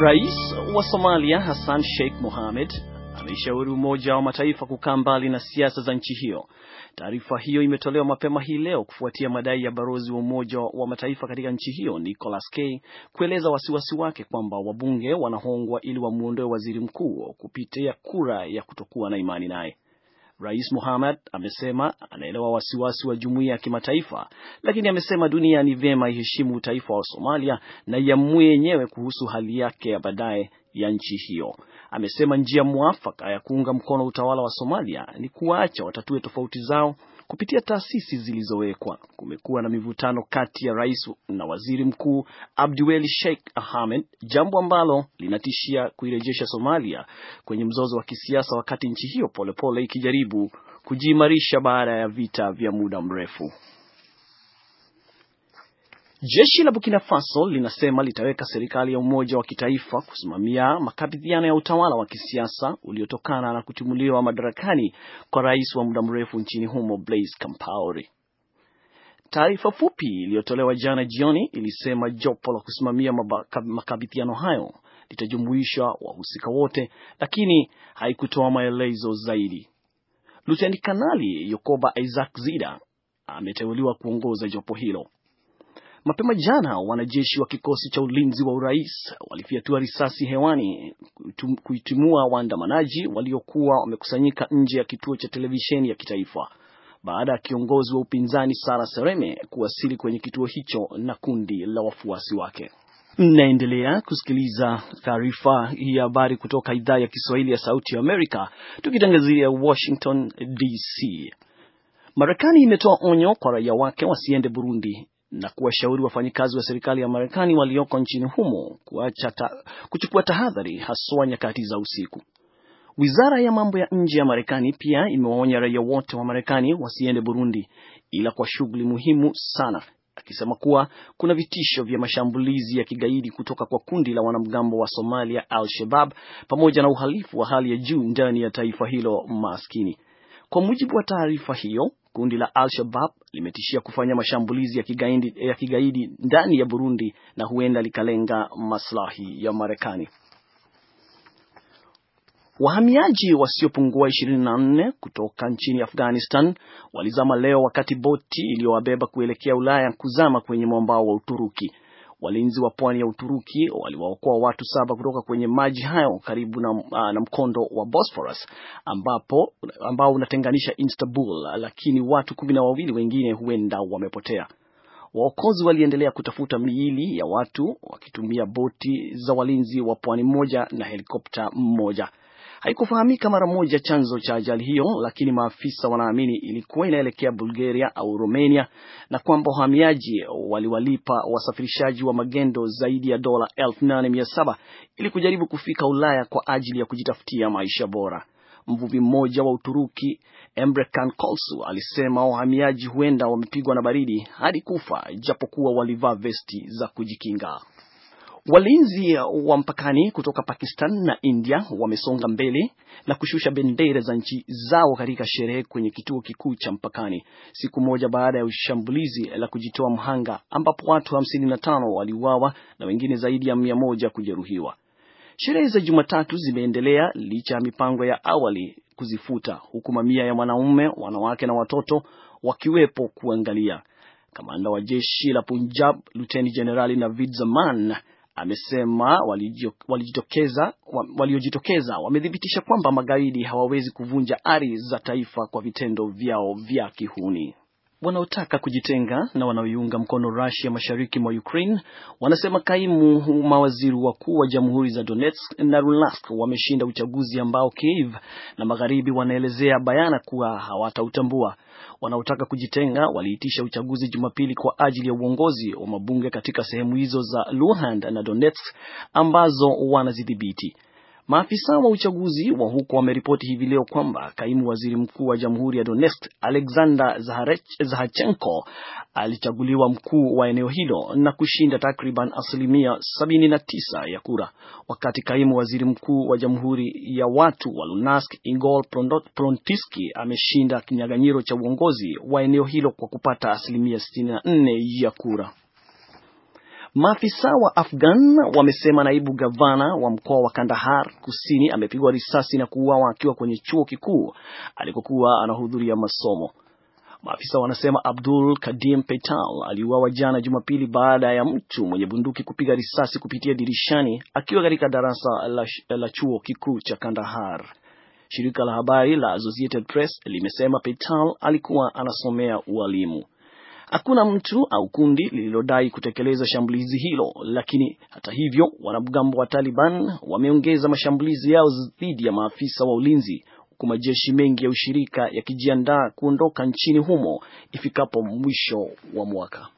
Rais wa Somalia Hassan Sheikh Mohamed ameishauri Umoja wa Mataifa kukaa mbali na siasa za nchi hiyo. Taarifa hiyo imetolewa mapema hii leo kufuatia madai ya balozi wa Umoja wa Mataifa katika nchi hiyo Nicholas K kueleza wasiwasi wake kwamba wabunge wanahongwa ili wamwondoe waziri mkuu kupitia kura ya kutokuwa na imani naye. Rais Mohamed amesema anaelewa wasiwasi wa jumuiya ya kimataifa, lakini amesema dunia ni vyema iheshimu utaifa wa Somalia na iamue yenyewe kuhusu hali yake ya baadaye ya nchi hiyo. Amesema njia mwafaka ya kuunga mkono utawala wa Somalia ni kuwaacha watatue tofauti zao kupitia taasisi zilizowekwa. Kumekuwa na mivutano kati ya rais na waziri mkuu Abdiweli Sheikh Ahmed, jambo ambalo linatishia kuirejesha Somalia kwenye mzozo wa kisiasa, wakati nchi hiyo polepole ikijaribu kujiimarisha baada ya vita vya muda mrefu. Jeshi la Burkina Faso linasema litaweka serikali ya umoja wa kitaifa kusimamia makabidhiano ya utawala wa kisiasa uliotokana na kutimuliwa madarakani kwa rais wa muda mrefu nchini humo Blaise Compaore. Taarifa fupi iliyotolewa jana jioni ilisema jopo la kusimamia makabidhiano hayo litajumuisha wahusika wote, lakini haikutoa maelezo zaidi. Luteni Kanali Yokoba Isaac Zida ameteuliwa kuongoza jopo hilo. Mapema jana wanajeshi wa kikosi cha ulinzi wa urais walifyatua risasi hewani kuitimua waandamanaji waliokuwa wamekusanyika nje ya kituo cha televisheni ya kitaifa baada ya kiongozi wa upinzani Sara Sereme kuwasili kwenye kituo hicho na kundi la wafuasi wake. Mnaendelea kusikiliza taarifa hii ya habari kutoka idhaa ya Kiswahili ya Sauti ya Amerika, tukitangazia Washington DC. Marekani imetoa onyo kwa raia wake wasiende Burundi na kuwashauri wafanyikazi wa serikali ya Marekani walioko nchini humo ta, kuchukua tahadhari haswa nyakati za usiku. Wizara ya mambo ya nje ya Marekani pia imewaonya raia wote wa Marekani wasiende Burundi ila kwa shughuli muhimu sana, akisema kuwa kuna vitisho vya mashambulizi ya kigaidi kutoka kwa kundi la wanamgambo wa Somalia Al-Shabab pamoja na uhalifu wa hali ya juu ndani ya taifa hilo maskini. Kwa mujibu wa taarifa hiyo, Kundi la Al-Shabab limetishia kufanya mashambulizi ya kigaidi, ya kigaidi ndani ya Burundi na huenda likalenga maslahi ya Marekani. Wahamiaji wasiopungua 24 kutoka nchini Afghanistan walizama leo wakati boti iliyowabeba kuelekea Ulaya kuzama kwenye mwambao wa Uturuki. Walinzi wa pwani ya Uturuki waliwaokoa watu saba kutoka kwenye maji hayo karibu na, ah, na mkondo wa Bosphorus ambapo, ambao unatenganisha Istanbul, lakini watu kumi na wawili wengine huenda wamepotea. Waokozi waliendelea kutafuta miili ya watu wakitumia boti za walinzi wa pwani moja na helikopta moja. Haikufahamika mara moja chanzo cha ajali hiyo, lakini maafisa wanaamini ilikuwa inaelekea Bulgaria au Romania na kwamba wahamiaji waliwalipa wasafirishaji wa magendo zaidi ya dola 87 ili kujaribu kufika Ulaya kwa ajili ya kujitafutia maisha bora. Mvuvi mmoja wa Uturuki Emrekan Kolsu alisema wahamiaji huenda wamepigwa na baridi hadi kufa japokuwa walivaa vesti za kujikinga. Walinzi wa mpakani kutoka Pakistan na India wamesonga mbele na kushusha bendera za nchi zao katika sherehe kwenye kituo kikuu cha mpakani siku moja baada ya shambulizi la kujitoa mhanga ambapo watu 55 waliuawa na wengine zaidi ya 100 kujeruhiwa. Sherehe za Jumatatu zimeendelea licha ya mipango ya awali kuzifuta, huku mamia ya wanaume, wanawake na watoto wakiwepo kuangalia. Kamanda wa jeshi la Punjab Luteni Jenerali Navid Zaman amesema waliojitokeza waliojitokeza wamethibitisha kwamba magaidi hawawezi kuvunja ari za taifa kwa vitendo vyao vya kihuni. Wanaotaka kujitenga na wanaoiunga mkono Russia mashariki mwa Ukraine wanasema kaimu mawaziri wakuu wa jamhuri za Donetsk na Luhansk wameshinda uchaguzi ambao Kiev na magharibi wanaelezea bayana kuwa hawatautambua. Wanaotaka kujitenga waliitisha uchaguzi Jumapili kwa ajili ya uongozi wa mabunge katika sehemu hizo za Luhansk na Donetsk ambazo wanazidhibiti. Maafisa wa uchaguzi wa huko wameripoti hivi leo kwamba kaimu waziri mkuu wa jamhuri ya Donetsk Alexander Zahachenko alichaguliwa mkuu wa eneo hilo na kushinda takriban asilimia 79 ya kura, wakati kaimu waziri mkuu wa jamhuri ya watu wa Lunask Ingol Prontiski ameshinda kinyaganyiro cha uongozi wa eneo hilo kwa kupata asilimia 64 ya kura. Maafisa wa Afghan wamesema naibu gavana wa mkoa wa Kandahar kusini amepigwa risasi na kuuawa akiwa kwenye chuo kikuu alikokuwa anahudhuria masomo. Maafisa wanasema Abdul Kadim petal aliuawa jana Jumapili baada ya mtu mwenye bunduki kupiga risasi kupitia dirishani akiwa katika darasa la, la chuo kikuu cha Kandahar. Shirika la habari la Associated Press limesema petal alikuwa anasomea ualimu. Hakuna mtu au kundi lililodai kutekeleza shambulizi hilo, lakini hata hivyo, wanamgambo wa Taliban wameongeza mashambulizi yao dhidi ya maafisa wa ulinzi, huku majeshi mengi ya ushirika yakijiandaa kuondoka nchini humo ifikapo mwisho wa mwaka.